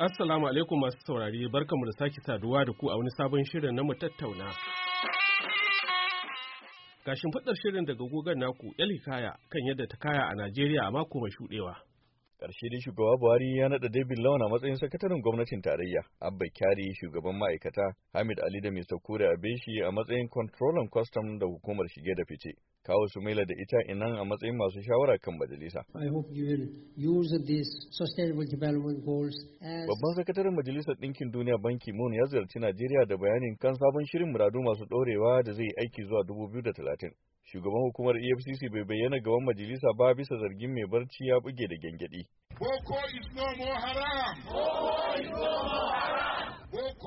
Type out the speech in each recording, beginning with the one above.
Assalamu alaikum masu saurari barkamu da sake saduwa da ku a wani sabon shirin na mu tattauna. Gashin faɗar shirin daga gogon naku yali kaya kan yadda ta kaya a Najeriya a mako mai shuɗewa. Ƙarshe dai shugaba Buhari ya naɗa David Lawan a matsayin sakataren gwamnatin tarayya, Abba Kyari shugaban ma'aikata, Hamid Ali da Mr. Kure Abeshi a matsayin controlling custom da hukumar shige da fice, kawo Sumaila da ita inan a matsayin masu shawara kan majalisa. Babban sakataren majalisar ɗinkin duniya banki Moon ya ziyarci Najeriya da bayanin kan sabon shirin muradu masu ɗorewa da zai yi aiki zuwa 2030. shugaban hukumar efcc bai bayyana gaban majalisa ba bisa zargin mai barci ya buge da gyangyaɗi. boko is no more haram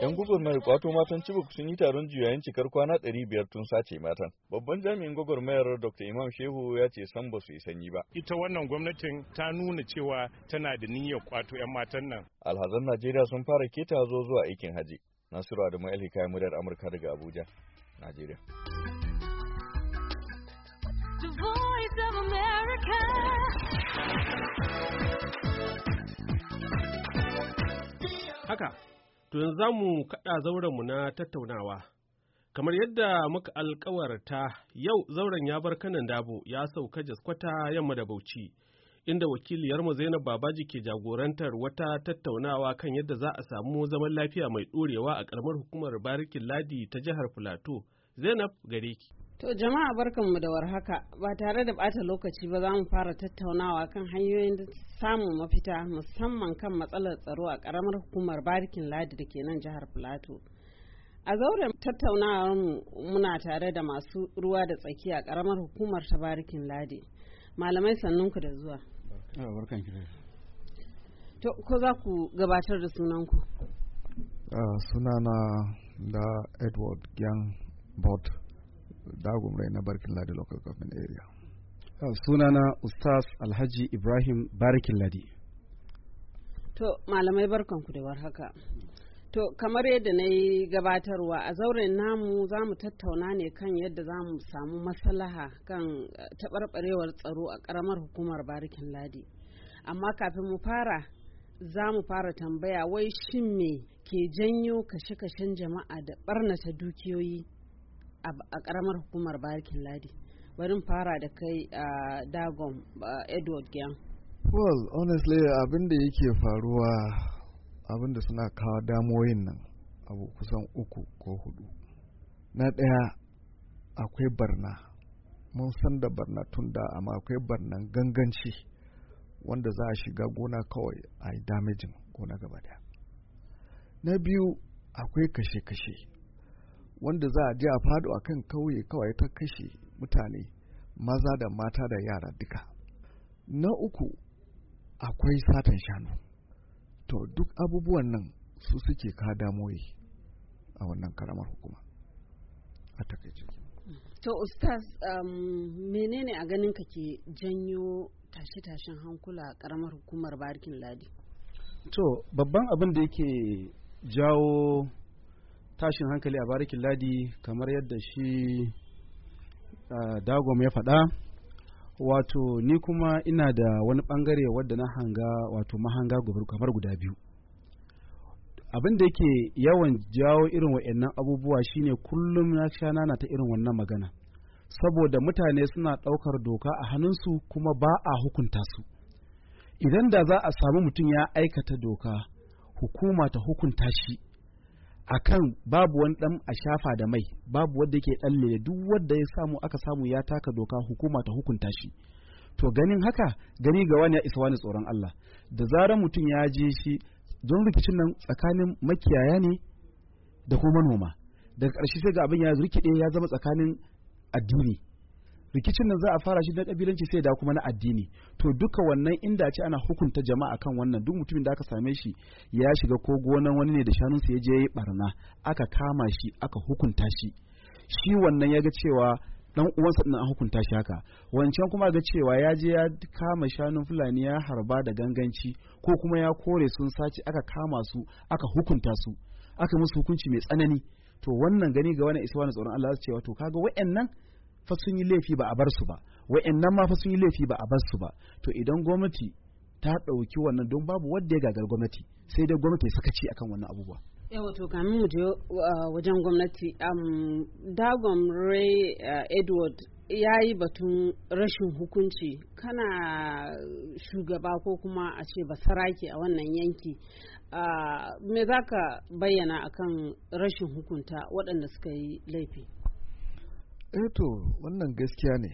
'Yan gwagwarmayar kwato matan Chibok sun yi taron juyayen cikar kwana 500 tun sace matan. Babban jami'in gwagwarmayar Dr. Imam Shehu ya ce san ba su yi sanyi ba. Ita wannan gwamnatin ta nuna cewa tana da niyyar kwato 'yan matan nan. Alhazan Najeriya sun fara keta zo zuwa aikin haji. Nasiru Adamu Alhika Muryar Amurka daga Abuja, Najeriya. The voice of America. Haka, to yanzu za mu kaɗa zaurenmu na tattaunawa. Kamar yadda muka alkawarta yau zauren ya bar kanan dabo ya sauka jaskwata yamma da bauchi, inda wakiliyarmu Zainab Babaji ke jagorantar wata tattaunawa kan yadda za a samu zaman lafiya mai ɗorewa a ƙaramar hukumar barikin ladi ta jihar Filato. Zainab gare To jama'a mu da warhaka ba tare da bata lokaci ba za mu fara tattaunawa kan hanyoyin samun mafita musamman kan matsalar tsaro a karamar hukumar barikin ladi da ke nan jihar Plateau. A zauren tattaunawarmu muna tare da masu ruwa da tsaki a karamar hukumar ta barikin ladi. Malamai sannunku ah, da zuwa. To ko za ku gabatar da sunanku? Uh, sunana da Edward Gyan Bot. Dagun rai na barkin ladi local government area ah, sunana ustaz alhaji ibrahim barikin ladi to malamai barkanku da haka to kamar yadda na yi gabatarwa a zauren namu za mu tattauna ne kan yadda za mu samu maslaha kan eh, taɓarɓarewar tsaro a ƙaramar hukumar barikin ladi amma kafin mu fara za mu fara tambaya wai shin me ke janyo kashe-kashen jama'a da ɓarnata dukiyoyi a karamar hukumar barkin ladi bari fara da kai a dagon edward gyan well honestly abin da yake faruwa abin da suna kawo damoyin nan abu kusan uku ko hudu na ɗaya akwai barna mun san da barna tun da amma akwai barna ganganci wanda za a shiga gona kawai a yi damejin gona gaba daya na biyu akwai kashe-kashe wanda za a je a fado a kan kauye kawai ta kashe mutane maza da mata da yara duka na uku akwai satan shanu to duk abubuwan nan su suke ka damoyi a wannan karamar hukuma a takaice to ustaz um, menene a ganin ka ke janyo tashe-tashen hankula a karamar hukumar barkin ladi to babban abin da yake jawo tashin hankali a barikin ladi kamar yadda shi dagom ya faɗa wato ni kuma ina da wani ɓangare wadda na hanga wato mahanga kamar guda biyu abin da yake yawan jawo irin wa'annan abubuwa shine kullum na sha nana ta irin wannan magana saboda mutane suna ɗaukar doka a hannunsu kuma ba a hukunta su idan da za a samu mutum ya aikata doka hukuma ta hukunta shi akan babu wani dan a shafa da mai babu wanda yake dalle duk wanda ya samu aka samu ya taka doka hukuma ta hukunta shi to ganin haka gani ga wani ya isa wani tsoron Allah da zarar mutum ya je shi don rikicin nan tsakanin makiyaya ne da kuma manoma daga ƙarshe sai ga abin ya rikide ya zama tsakanin addini rikicin nan za a fara shi na kabilanci sai da kuma na addini to duka wannan inda ce ana hukunta jama'a kan wannan duk mutumin da aka same shi ya shiga ko gonan wani ne da sa ya je ya barna aka kama shi aka hukunta shi shi wannan ya ga cewa dan uwansa din an hukunta shi haka wancan kuma ga cewa ya je ya kama shanun fulani ya harba da ganganci ko kuma ya kore sun sace aka kama su aka hukunta su aka musu hukunci mai tsanani to wannan gani ga wani iswa na tsoron Allah su ce wato kaga wayannan fa sun yi laifi ba a bar su ba wa'annan ma fa sun yi laifi ba a bar su ba to idan gwamnati ta ɗauki wannan don babu wanda ya gagar gwamnati sai dai gwamnati suka ci akan wannan abubuwa yawa to kamin mu je wajen gwamnati dagon ray eh, edward ya yi batun rashin hukunci kana shugaba ko kuma a ce basarake a wannan yanki ah, me za ka bayyana akan rashin hukunta waɗanda suka yi laifi eh wannan gaskiya ne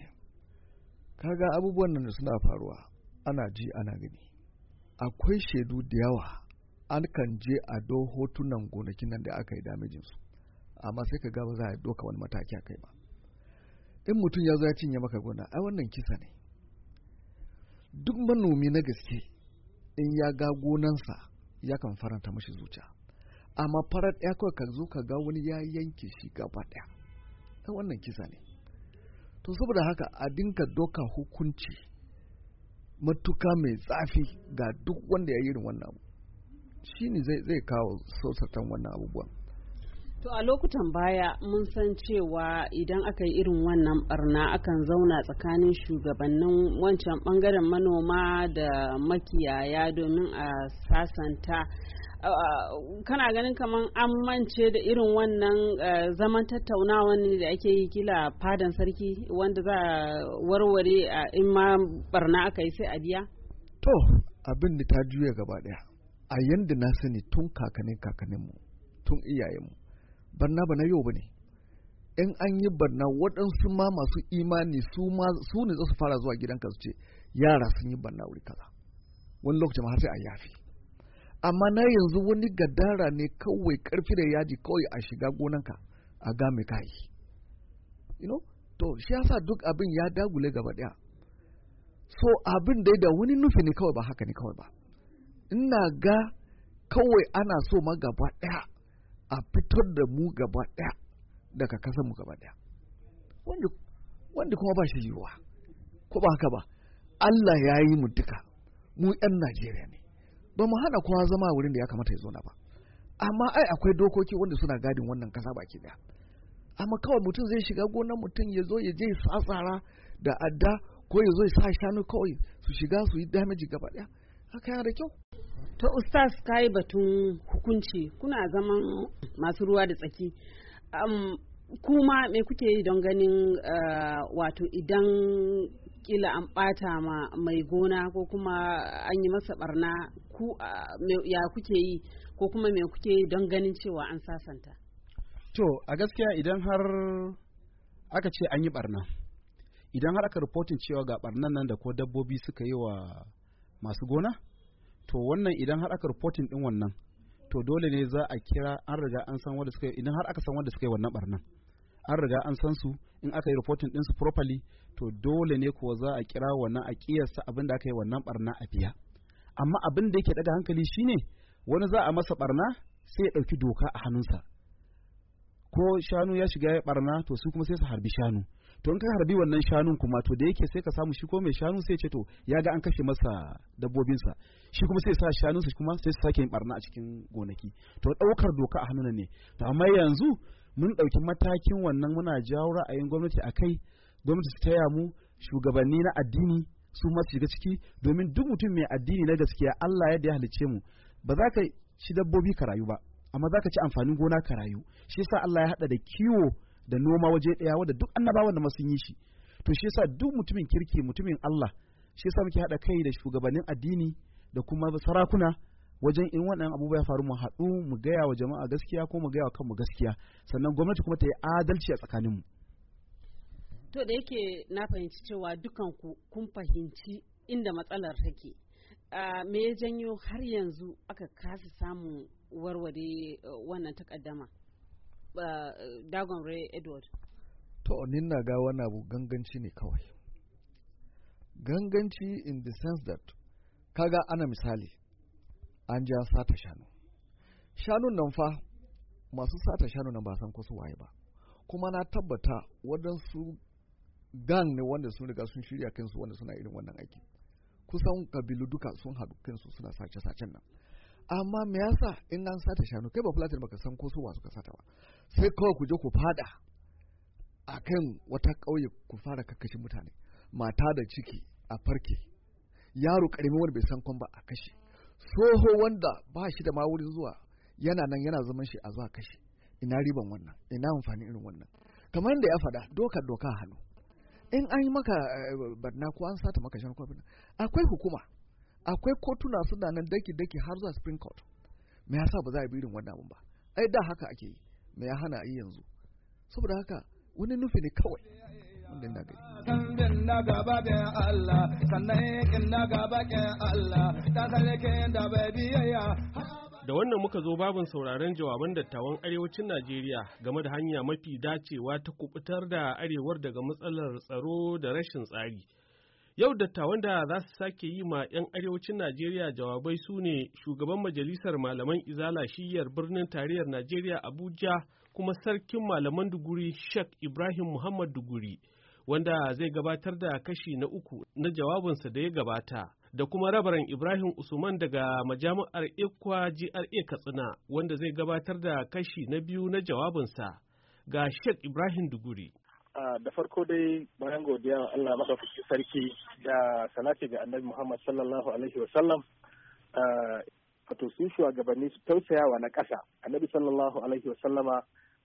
kaga abubuwan nan suna faruwa ana ji ana gani akwai shaidu da yawa an kan je a do hotunan gonakin nan da aka yi su amma sai ka ga ba za a doka wani mataki a kai ba in mutum ya zo ya cinye maka gona ai wannan kisa ne duk manomi na gaske in ya ga gonansa ya kan faranta mashi zuciya amma farar ɗaya kawai ka zo ka ga wani ya yanke shi gaba ɗaya san wannan kisa ne to saboda haka a dinka doka hukunci matuka mai zafi ga duk wanda ya yi irin wannan abu shi ne zai kawo sausatan wannan abubuwan To a lokutan baya mun san cewa idan aka yi irin wannan barna akan zauna tsakanin shugabannin wancan bangaren manoma da makiyaya domin a sasanta. Kana ganin kamar an mance da irin wannan eh, zaman tattaunawa ne da ake yi kila fadan sarki wanda za a warware in ma barna aka yi sai a biya? To abin da ta juya gaba daya a yanda na sani tun kakanin kakaninmu tun iyayenmu barna ba na yau ba ne in an yi barna waɗansu ma masu imani su ne za su fara zuwa gidanka su ce yara sun yi barna wuri kaza wani lokacin har sai a yafi amma na yanzu wani gadara ne kawai karfi da yaji kawai a shiga gonanka a game kayi you know to shi yasa duk abin ya dagule gaba daya so abin dai da wani nufi ne kawai ba haka ne kawai ba ina ga kawai ana so ma gaba daya a fitar da mu gaba ɗaya daga kasar mu gaba ɗaya wanda kuma ba shi yiwuwa ko ba haka ba Allah ya yi mu duka mu 'yan Najeriya ne ba mu hana kowa zama wurin da ya kamata ya zauna ba amma ai akwai dokoki wanda suna gadin wannan kasa baki ɗaya. amma kawai mutum zai shiga gonar mutum ya zo ya je ya da adda ko ya zo ya sa shanu kawai su shiga su yi damage gaba ɗaya. haka yana da kyau to ustaz ka yi batun hukunci kuna zaman masu ruwa da tsaki um, kuma me kuke yi don ganin uh, wato idan kila an bata ma mai gona ko kuma an yi masa barna ku uh, ya kuke yi ko kuma me kuke yi don ganin cewa an sasanta to a gaskiya idan har aka ce an yi barna idan har aka rufotin cewa ga barnan nan da ko dabbobi suka yi wa masu gona to wannan idan har aka reporting din wannan to dole ne za a kira an riga an san wanda suka idan har aka san wanda suka yi wannan barnan an riga an san su in aka yi reporting din su properly to dole ne kuwa za a kira wannan a kiyasta abin da aka yi wannan barna a biya amma abin da yake daga hankali shine wani za a masa barna sai ya dauki doka a hannunsa ko shanu ya shiga ya barna to su kuma sai su harbi shanu to in ka harbi wannan shanun kuma to da yake sai ka samu shi ko mai shanu sai ce to ya ga an kashe masa dabbobinsa shi kuma sai sa shanun su kuma sai su sake yin barna a cikin gonaki to daukar doka a hannun ne to amma yanzu mun dauki matakin wannan muna jawo ra'ayin gwamnati akai gwamnati ta taya mu shugabanni na addini su ma su shiga ciki domin duk mutum mai addini na gaskiya Allah yadda ya halicce mu ba za ka ci dabbobi ka rayu ba amma za ka ci amfanin gona ka rayu shi yasa Allah ya haɗa da kiwo da noma waje ɗaya wanda duk annabawan da sun yi shi to shi yasa duk mutumin kirki mutumin Allah shi yasa muke haɗa kai da shugabannin addini da kuma sarakuna wajen in wannan abubuwa ya faru mu haɗu mu gaya wa jama'a gaskiya ko mu gaya wa kanmu gaskiya sannan gwamnati kuma ta yi adalci a tsakanin mu To da yake na fahimci cewa dukan ku kun fahimci inda matsalar take. Uh, me ya janyo har yanzu aka kasa samu. warware uh, wannan takaddama uh, dagon ray edward to nin na ga wani abu ganganci ne kawai ganganci in the sense that kaga ana misali an ja sata shanu shanun nan fa masu sata shanu na basan san waye ba kuma na tabbata waɗansu gang ne wanda sun riga sun shirya kansu wanda suna irin wannan aiki kusan kabilu duka sun haɗu kansu suna sace-sacen nan amma me yasa in an sata shanu kai ba fulatin baka san ko su wa ka sata ba sai kawai ku je ku fada akan wata kauye ku fara kakkashi mutane mata da ciki a farke yaro karimi wanda bai san kon ba a kashe soho wanda ba shi da ma wurin zuwa yana nan yana zaman shi a zuwa kashi ina riban wannan ina amfani irin wannan kamar da ya fada doka doka hannu in an yi maka eh, barna ko an sata maka shan kwafin akwai hukuma akwai kotuna suna nan daki-daki har zuwa spring court me yasa ba za a birin wannan abun ba ai da haka ake yi me ya hana yi yanzu saboda haka wani nufi ne kawai wanda na gaba Allah sannan kin na gaba Allah ta da bai biyayya da wannan muka zo babin sauraron jawaban dattawan arewacin Najeriya game da hanya mafi dacewa ta kubutar da arewar daga matsalar tsaro da rashin tsari. Yau dattawan da za su sake yi ma 'yan arewacin Najeriya jawabai su ne shugaban majalisar malaman izala shiyar birnin tarayyar Najeriya Abuja kuma sarkin malaman duguri Sheikh Ibrahim Muhammad duguri wanda zai gabatar da kashi na uku na jawabinsa da ya gabata. Da kuma rabaran Ibrahim Usman daga majami'ar Ikwa GRA Katsina wanda zai gabatar da kashi na biyu na jawabinsa ga Sheikh Ibrahim Duguri. da farko dai bayan godiya wa Allah maɗaukaki sarki da salati ga annabi Muhammad sallallahu alaihi wa sallam wato su shugabanni su tausayawa na ƙasa annabi sallallahu alaihi wa sallama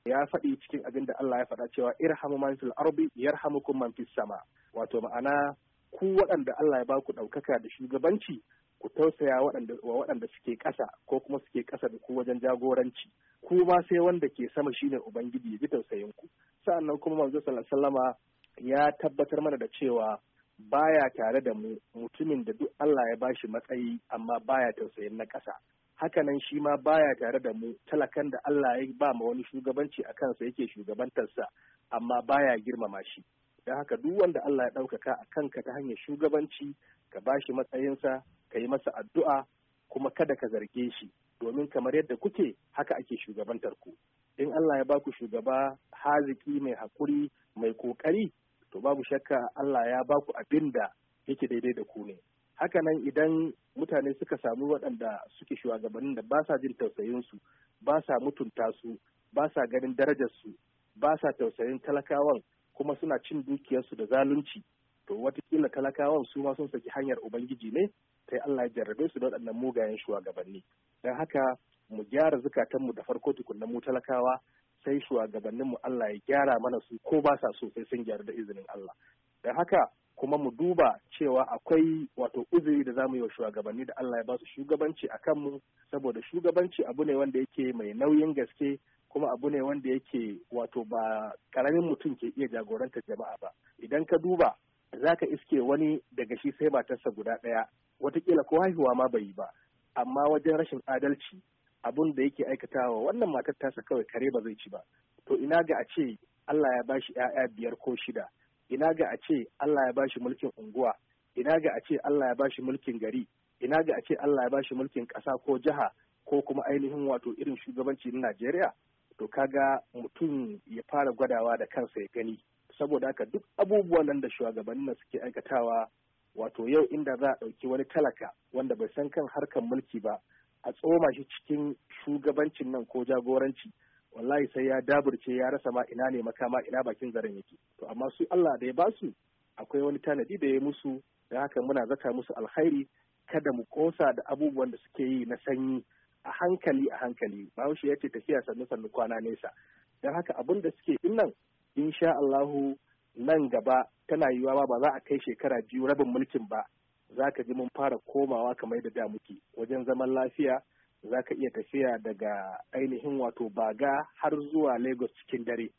ya faɗi cikin abin da Allah ya faɗa cewa irhamu man fil ardi yarhamukum man fis sama wato ma'ana ku waɗanda Allah ya baku ɗaukaka da shugabanci ku tausaya wa waɗanda suke ƙasa ko kuma suke ƙasa da ku wajen jagoranci ku ma sai wanda ke sama shine ubangiji ya ji tausayin ku sa'annan kuma manzo sallama ya tabbatar mana da cewa baya tare da mu mutumin da duk Allah ya bashi matsayi amma baya tausayin na ƙasa nan shi ma baya tare da mu talakan da Allah ya ba ma wani shugabanci a kansa yake shugabantarsa amma baya girmama shi don haka duk wanda Allah ya ɗaukaka a kanka ta hanyar shugabanci ka bashi matsayinsa ka yi masa addu'a kuma kada ka zarge shi domin kamar yadda kuke haka ake shugabantar ku in Allah ya baku shugaba haziki mai hakuri mai kokari to babu shakka Allah ya baku abin da yake daidai da ku ne Haka nan idan mutane suka samu waɗanda suke shugabannin da ba sa jin tausayinsu ba sa mutunta su ba sa ganin darajarsu ba sa tausayin talakawan kuma suna cin dukiyarsu da zalunci to wata watakila talakawan su ma sun saki hanyar ubangiji ne sai Allah ya jarrabe su da waɗannan mugayen shugabanni don haka mu gyara zukatanmu da farko tukunna mu talakawa sai shugabannin mu Allah ya gyara mana su ko ba sa so sai sun gyara da izinin Allah don haka kuma mu duba cewa akwai wato uzuri da zamu yi wa shugabanni da Allah ya ba su shugabanci a kanmu saboda shugabanci abu ne wanda yake mai nauyin gaske kuma abu ne wanda yake wato ba karamin mutum ke iya jagorantar jama'a ba idan ka duba za ka iske wani daga shi sai matarsa guda ɗaya watakila ko haihuwa ma bai yi ba amma wajen rashin adalci abun da yake aikatawa wannan matar tasa kawai kare ba zai ci ba to ina ga a ce Allah ya bashi ‘ya'ya biyar ko shida ina ga a ce Allah ya bashi mulkin unguwa ina ga a ce Allah ya bashi mulkin gari ina ga a ce Allah ya bashi mulkin ƙasa ko jiha ko kuma ainihin wato irin shugabanci na Najeriya to kaga mutum ya fara gwadawa da kansa ya gani saboda haka duk abubuwan nan da shugabannin suke aikatawa wato yau inda za a ɗauki wani talaka wanda bai san kan harkar mulki ba a tsoma shi cikin shugabancin nan ko jagoranci wallahi sai ya daburce ya rasa ma ina ne makama ina bakin zaren yake to amma su Allah da ya ba su akwai wani tanadi da ya musu da haka muna zata musu alkhairi kada mu kosa da abubuwan da suke yi na sanyi a hankali a hankali bahaushe ya ce tafiya sannu sannu kwana nesa don haka abun da suke in nan in sha Allahu nan gaba tana yiwuwa ba za a kai shekara biyu rabin mulkin ba za ka ji mun fara komawa kamar da da muke wajen zaman lafiya za ka iya tafiya daga ainihin wato baga har zuwa lagos cikin dare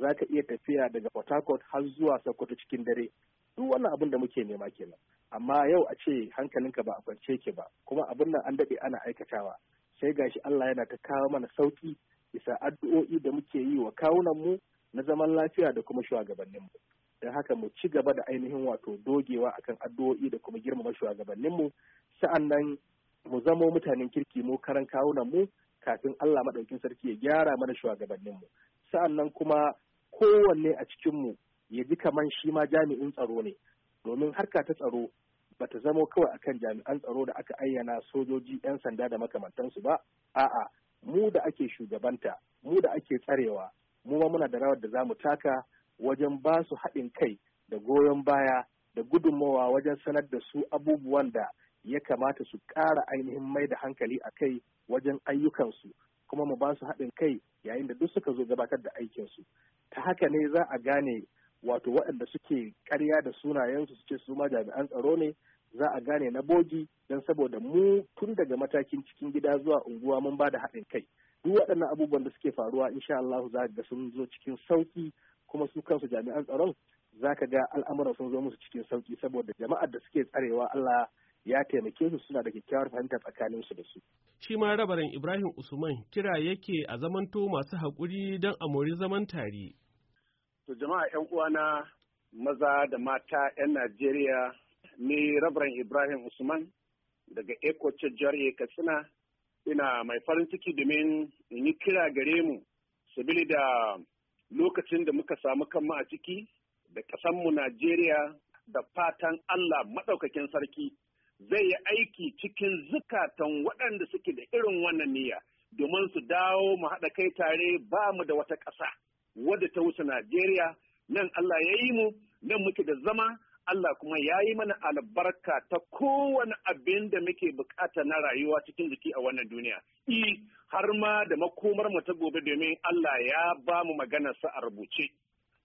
za ka iya tafiya daga port har zuwa sokoto cikin dare duk wannan abin da muke nema kenan amma yau a ce hankalinka ba a kwance ke ba kuma abin nan an daɗe ana aikatawa sai gashi allah yana ta kawo mana sauki bisa addu'o'i da muke yi wa kawunan mu na zaman lafiya da kuma shugabanninmu don haka mu ci gaba da ainihin wato dogewa akan addu'o'i da kuma girmama shugabanninmu sa'an nan mu zamo mutanen kirki mu karan kawunan mu kafin Allah maɗaukin sarki ya gyara mana shugabanninmu sa'an nan kuma kowanne a cikinmu ya ji kaman shi ma jami'in tsaro ne domin harka ta tsaro bata zamo kawai akan jami'an tsaro da aka ayyana sojoji 'yan sanda da makamantansu ba a'a mu da ake shugabanta mu da ake tsarewa mu ma muna da rawar da za mu taka wajen ba su haɗin kai da goyon baya da gudunmawa wajen sanar da su abubuwan da ya kamata su ƙara ainihin mai da hankali a kai wajen ayyukansu kuma mu ba su haɗin kai yayin da duk suka zo gabatar da aikinsu ta haka ne za a gane wato waɗanda suke ƙarya da sunayensu su ce su ma jami'an tsaro ne za a gane na bogi don saboda mu tun daga matakin cikin gida zuwa unguwa mun ba da haɗin kai duk waɗannan abubuwan da suke faruwa insha Allah za ga sun zo cikin sauki kuma su kansu jami'an tsaron za ka ga al'amuran sun zo musu cikin sauki saboda jama'ar da suke tsarewa Allah ya taimake su suna da kyakkyawar fahimta tsakanin su da su. Shi ma rabarin Ibrahim Usman kira yake a zamanto masu haƙuri don a mori zaman tare. To jama'a 'yan uwana maza da mata 'yan Najeriya ni rabarin Ibrahim Usman daga Eko Jariye Katsina ina mai farin ciki domin in yi kira gare mu sabili da lokacin da muka samu kanmu a ciki da ƙasanmu Najeriya da fatan Allah maɗaukakin sarki zai yi aiki cikin zukatan waɗanda suke da irin wannan niyya domin su dawo mu haɗa kai tare ba mu da wata ƙasa wadda ta wuce Najeriya nan Allah ya yi mu nan muke da zama Allah kuma ya yi mana albarka ta kowane abin da muke bukata na rayuwa cikin jiki a wannan duniya. I har ma da makomar mu ta gobe domin Allah ya ba mu sa a rubuce.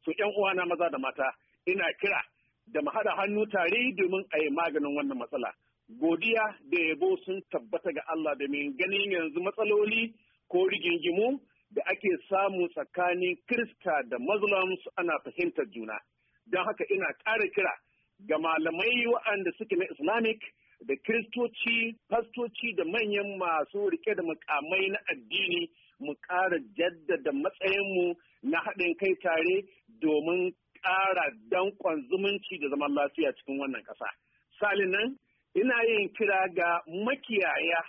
So ‘yan uwana maza da mata ina kira da mu haɗa hannu tare domin a yi maganin wannan matsala. Godiya da yabo sun tabbata ga Allah domin ganin yanzu matsaloli ko rigingimu da ake samu tsakanin Kirista da Muslims ana fahimtar juna. Don haka ina ƙara kira ga malamai waɗanda suke na Islamic da Kiristoci, fastoci da manyan masu rike da mukamai na addini mu ƙara jaddada matsayinmu na haɗin kai tare domin ƙara danƙon zumunci da zaman lafiya cikin wannan ƙasa. Salinan, ina yin kira ga makiyaya,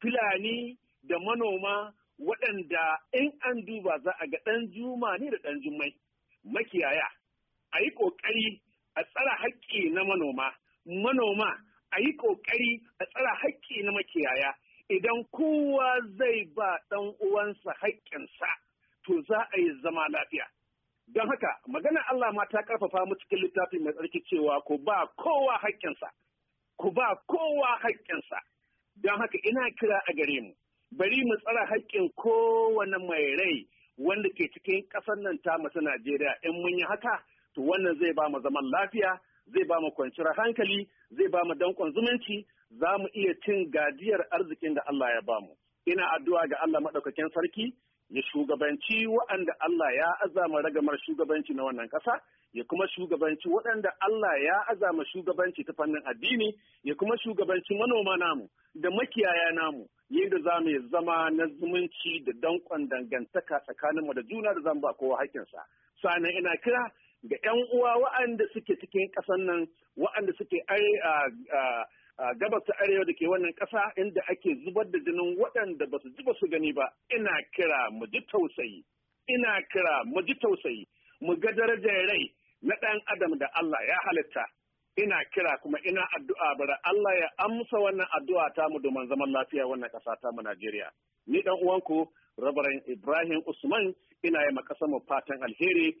Fulani da manoma waɗanda in an duba za a ga ɗan juma ne da ɗan jummai. Makiyaya, a yi ƙoƙari a tsara haƙƙi na manoma manoma a yi ƙoƙari a tsara haƙƙi na makiyaya idan kowa zai ba ɗan uwansa haƙƙinsa to za a yi zama lafiya don haka magana Allah ma ta ƙarfafa mu cikin littafi mai tsarki cewa ku ba kowa haƙƙinsa ku ba kowa haƙƙinsa don haka ina kira a gare mu bari mu tsara haƙƙin kowane mai rai wanda ke cikin ƙasar nan ta ta Najeriya in mun yi haka to wannan zai ba mu zaman lafiya zai ba mu kwanciyar hankali zai ba mu dankon zumunci za mu iya cin gajiyar arzikin da Allah ya ba mu ina addu'a ga Allah maɗaukakin sarki ya shugabanci waɗanda Allah ya azama ragamar shugabanci na wannan ƙasa ya kuma shugabanci waɗanda Allah ya azama shugabanci ta fannin addini ya kuma shugabanci manoma namu da makiyaya namu yadda za mu zama na zumunci da danƙon dangantaka tsakaninmu da juna da zan ba kowa hakinsa. sa'annan ina kira ga 'yan uwa wa'anda suke cikin ƙasan nan wa'anda suke gabas ta arewa da ke wannan ƙasa inda ake zubar da jinin waɗanda ba su ji ba su gani ba ina kira mu ji tausayi ina kira mu ji tausayi mu ga darajar rai na ɗan adam da Allah ya halitta ina kira kuma ina addu'a bara Allah ya amsa wannan addu'a ta mu domin zaman lafiya wannan ƙasa ta mu Najeriya ni dan uwanku Rabaran Ibrahim Usman ina yi ma mu fatan alheri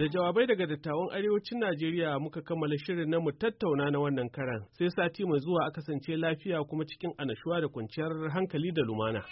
Da jawabai daga dattawan arewacin Najeriya muka kammala shirin na mu tattauna na wannan karan sai sati mai zuwa a kasance lafiya kuma cikin anashuwa da kwanciyar hankali da lumana.